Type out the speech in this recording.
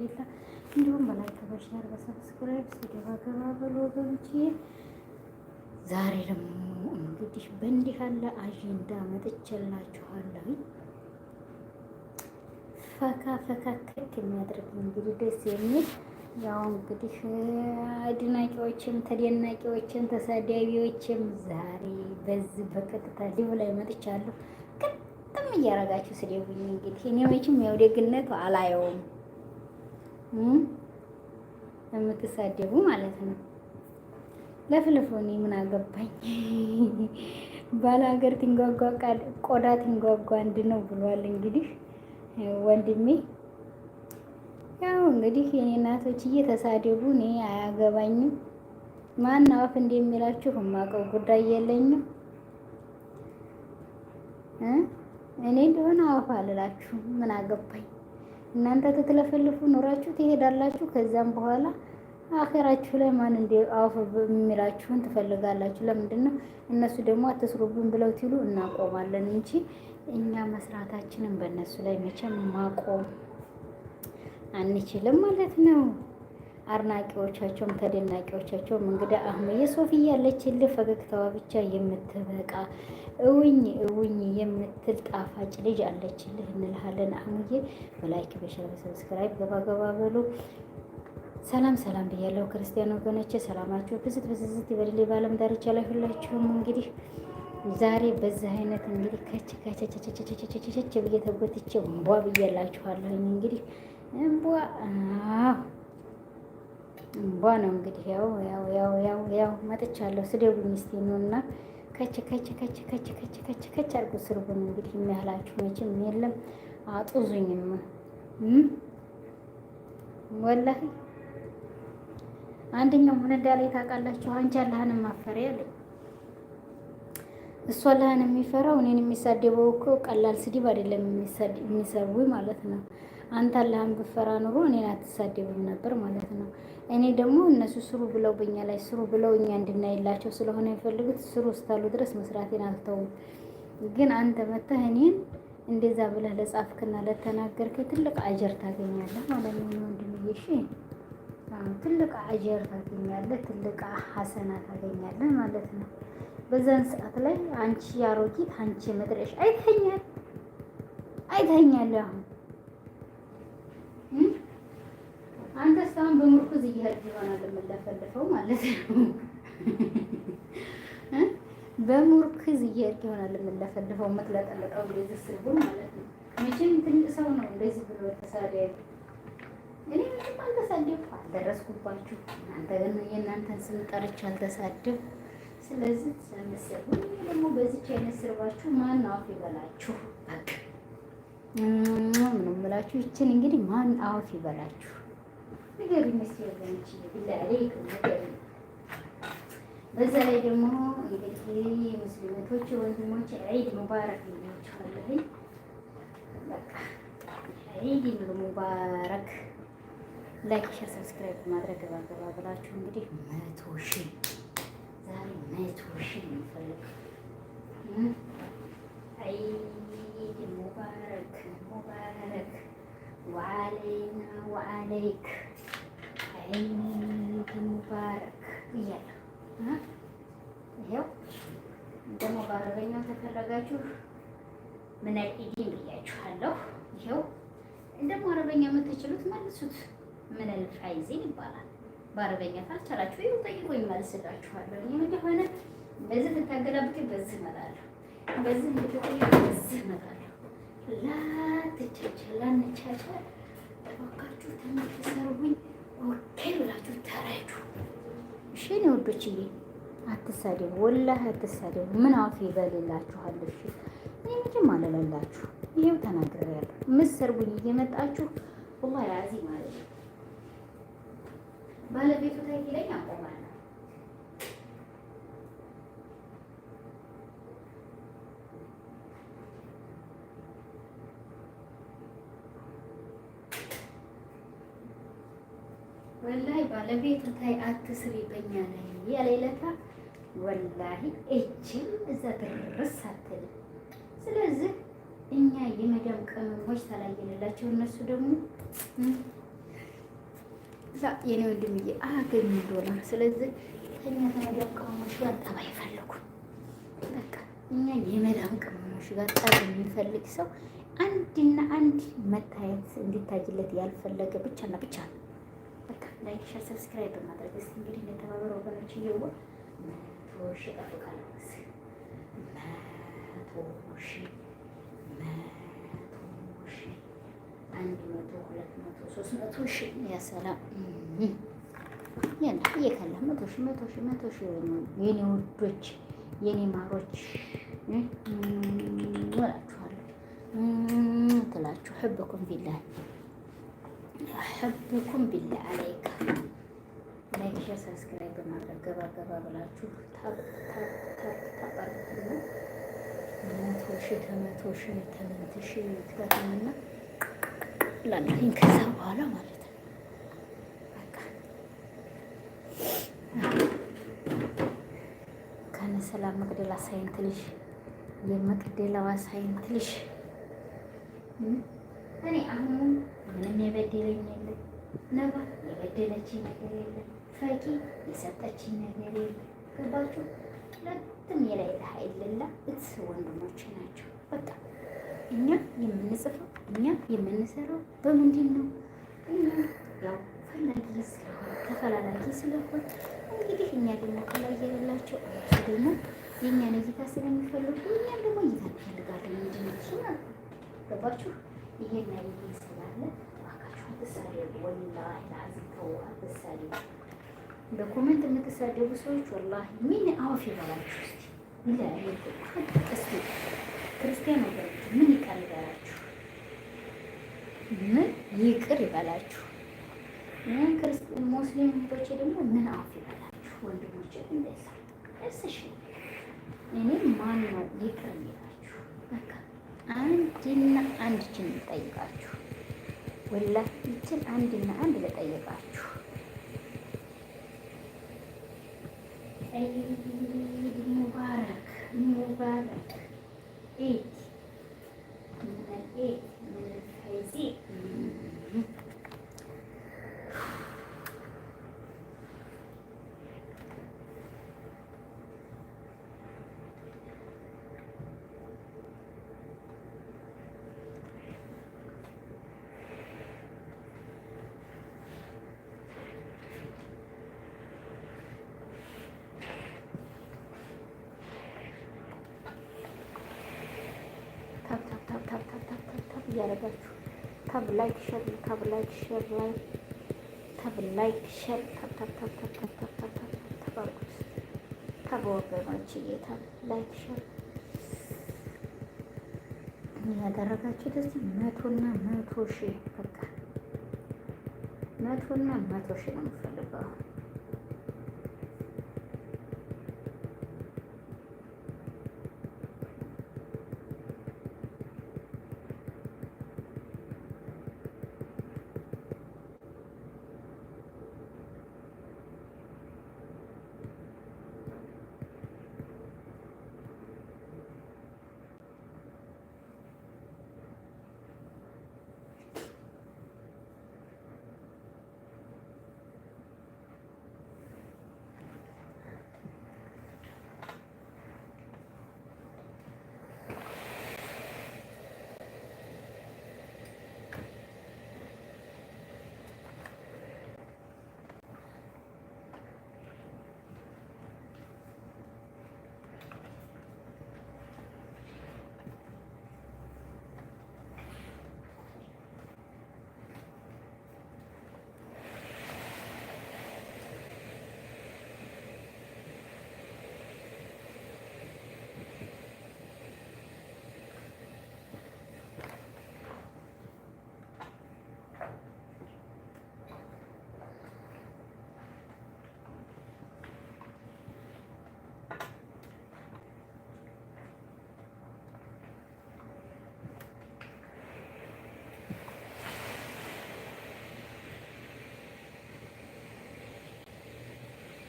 ቢላ እንዲሁም በላይክ በሸር በሰብስክራይብ ስገባ ገባ በሎ ወገኖቼ ዛሬ ደግሞ እንግዲህ በእንዲህ ያለ አጀንዳ መጥቼላችኋለሁ። ፈካ ፈካ ክክ የሚያደርግ እንግዲህ ደስ የሚል ያው እንግዲህ አድናቂዎችም ተደናቂዎችም ተሳዳቢዎችም ዛሬ በዚህ በቀጥታ ሊብ ላይ መጥቻለሁ። ቅጥም እያረጋችሁ ስደቡኝ። እንግዲህ እኔ መቼም ያው ደግነቱ አላየውም የምትሳደቡ ማለት ነው። ለፍልፎኔ ምን አገባኝ። ባለ ሀገር ትንጓጓ ቆዳ ትንጓጓ አንድ ነው ብሏል። እንግዲህ ወንድሜ ያው እንግዲህ የኔ እናቶች እየተሳደቡ እኔ አያገባኝም። ማን አፍ እንደሚላችሁ የማውቀው ጉዳይ የለኝም። እኔ እንደሆነ አፍ አልላችሁም። ምን አገባኝ። እናንተ ትትለፈልፉ ኑራችሁ ትሄዳላችሁ። ከዛም በኋላ አኼራችሁ ላይ ማን እንደ አውፍ የሚላችሁን ትፈልጋላችሁ። ለምንድን ነው እነሱ ደግሞ አትስሩብን ብለው ትሉ እናቆማለን እንጂ እኛ መስራታችንን በእነሱ ላይ መቼም ማቆም አንችልም ማለት ነው። አድናቂዎቻቸውም ተደናቂዎቻቸውም እንግዲህ አህሙዬ ሶፊ ያለችልህ ፈገግታዋ ብቻ የምትበቃ እውኝ እውኝ የምትል ጣፋጭ ልጅ አለችልህ እንልሃለን። አህሙዬ በላይክ በሸር በሰብስክራይብ ገባገባ በሉ። ሰላም ሰላም ብያለሁ ክርስቲያን ወገኖች ሰላማችሁ ብዝት ብዝዝት ይበልልኝ በዓለም ዳርቻ ላይ ሁላችሁም እንግዲህ ዛሬ በዚህ አይነት እንግዲህ ከች ከቸቸቸቸቸቸቸ ብዬ ተጎትቼ እንቧ ብያላችኋለሁኝ እንግዲህ እንቧ እንቧ ነው እንግዲህ ያው ያው ያው ያው ያው መጥቻለሁ። ስደቡኝ እስኪ ነውና ከች ከች ከች ከች ከች ከች ከች አድርጎ ስርቡን እንግዲህ የሚያህላችሁ መቼም የለም። አጡዙኝም ወላሂ አንደኛው ምን እንዳለኝ ታውቃላችሁ? አንቺ አላህን ማፈሪ አለኝ። እሱ አላህን የሚፈራው እኔን የሚሳደበው እኮ ቀላል ስድብ አይደለም የሚሰድቡኝ ማለት ነው። አንተ አላህን ብፈራ ኑሮ እኔን አትሳደብም ነበር ማለት ነው። እኔ ደግሞ እነሱ ስሩ ብለው በእኛ ላይ ስሩ ብለው እኛ እንድናይላቸው ስለሆነ የፈልጉት ስሩ እስካሉ ድረስ መስራቴን አልተውም። ግን አንተ መተህ እኔን እንደዛ ብለህ ለጻፍክና ለተናገርክ ትልቅ አጀር ታገኛለህ ማለት ነው። ወንድምዬ እሺ፣ ትልቅ አጀር ታገኛለህ፣ ትልቅ ሀሰና ታገኛለህ ማለት ነው። በዛን ሰዓት ላይ አንቺ አሮጊት፣ አንቺ መድረሽ አይተኛል አይተኛል አሁን አንተ እስካሁን በምርኩዝ እየሄድክ ይሆናል የምለፈልፈው ማለት ነው። በምርኩዝ እየሄድክ ይሆናል የምለፈልፈው የምትለጠልቀው እንደዚህ ስልኩን ማለት ነው። መቼም ትልቅ ሰው ነው እንደዚህ ብሎ ተሳደብ። እኔ ምንም አልተሳደብኩም፣ አልደረስኩባችሁ። እናንተ የእናንተን ስም ጠርቼ አልተሳደብኩም። ስለዚህ ስለምትሰሩ ደግሞ በዚች አይነት ስርባችሁ ማን አፍ ይበላችሁ በቃ ምንም ብላችሁ ይችን እንግዲህ ማን አውፍ ይበላችሁ ነገር ይመስለኛል። በዛ ላይ ደግሞ እንግዲህ ሙስሊሞች ወንድሞች ዒድ ሙባረክ በቃ ዒድ ሙባረክ። ላይክ ሸር፣ ሰብስክራይብ ማድረግ ገባገባ ብላችሁ እንግዲህ መቶ ሺ ዛሬ መቶ ሺ የሚፈልግ አለይክ ዒድ ሙባረክ እያለሁ ይኸው ደግሞ በአረበኛው ተፈለጋችሁ ምን አልዒድ ብያችኋለሁ። ይኸው ደግሞ አረበኛ የምትችሉት መልሱት። ምን አልፋይዚን ይባላል በአረበኛ ካልቻላችሁ ይኸው ጠይቁኝ፣ መልስላችኋለሁ። ይህ እንደሆነ በዚህ ብታገላብጥ በዚህ እመጣለሁ፣ በዚህ ብትጠይቅ በዚህ እመጣለሁ። ላትቻቻል ላንቻቻል እባካችሁ ተናተሰርቡኝ ኦኬ ብላችሁ ተረዱ። እሺ እኔ ወዶችዬ አትሳደቡ፣ ወላሂ አትሳደቡ። ምን አፍ ይበልላችኋል? እሺ እኔ ይሄው ተናግሬያለሁ። እየመጣችሁ ወላሂ አዚ ማለት ነው ባለቤቱ ወላሂ ባለቤት እንታይ አትስሪ በእኛ ላይ ያለይለታ ወላሂ እጅም እዛ ድርስ አትልም። ስለዚህ እኛ የመዳም ቀመሞች ታላየንላቸው እነሱ ደግሞ ላ የኔ ወንድምዬ አገኙ ዶላር። ስለዚህ ከኛ ከመዳም ቀመሞች ጋር ጠብ አይፈልጉ። በቃ እኛ የመዳም ቀመሞች ጋር ጠብ የሚፈልግ ሰው አንድና አንድ መታየት እንዲታይለት ያልፈለገ ብቻና ብቻ ነው። በቃ ላይክ፣ ሸር፣ ሰብስክራይብ በማድረግ እስቲ እንግዲህ እንደተባበረ ወገኖች እየወ መቶ ሺ እጠብቃለሁ። መቶ ሺ መቶ ሺ አንድ መቶ ሁለት መቶ ሶስት መቶ ሺ ያሰላም ያለ እየከላ መቶ ሺ መቶ ሺ መቶ ሺ የኔ ውዶች የኔ ማሮች እላችኋለሁ ትላችሁ ህብኩም ቢላህ ተብኩም ቢላ አለይካ ላይክ ሼር ሰብስክራይብ በማድረግ ገባ ገባ ብላችሁ ታባርትና መቶ ሺ ተመቶ ሺ ተመንት ሺ ትበትምና ላለኝ ከዛ በኋላ ማለት ነው። ከነ መቅደላ ሳይንት ልሽ የመቅደላዋ ሳይንት እኔ አሁንም ምንም የበደለኝ ነባ የበደለችኝ ነገር የለም። ፈቂ የሰጠችኝ ነገር የለም። ገባችሁ? ሁለቱም የላይለ ሀይልላ እስ ወንድሞች ናቸው። በቃ እኛ የምንጽፈው እኛ የምንሰራው በምንድን ነው? እኛ ያው ፈላጊ ስለሆነ ተፈላላጊ ስለሆነ እንግዲህ እኛ ደግሞ ከላይ የሌላቸው እሱ ደግሞ የእኛን እይታ ስለሚፈልጉ ደግሞ እይታ እንፈልጋለን። ምንድን ነው እሱ ገባችሁ? ይሄን ይሄ ስላለ እባካችሁ አትሳደቡ። ወላሂ ላዚም ተው፣ አትሳደቡ። በኮሜንት የምትሳደቡ ሰዎች ወላሂ ምን አወፍ ይበላችሁ። እስኪ ክርስቲያን ወገኖች ምን ይቀር ይበላችሁ፣ ምን ይቅር ይበላችሁ። ሙስሊም እህቶቼ ደግሞ ምን አወፍ ይበላችሁ። ወንድሞቼ እንደዛ እርስሽ እኔ ማን ነው ይቅር በቃ አንድና አንድ ችን ልጠይቃችሁ፣ ወላ ይችን አንድና አንድ ልጠይቃችሁ። ሙባረክ ሙባረክ እያደረጋችሁ ታብ ላይክ ሸር ታብ ላይክ ሸር ላይ ታብ ላይክ ሸር ታብ ታብ ታብ ታብ ታብ ታብ ታብ ታብ ታብ ወገኖች እየታ ላይክ ሸር መቶና መቶ ሺህ በቃ መቶና መቶ ሺህ ነው የምፈልገው።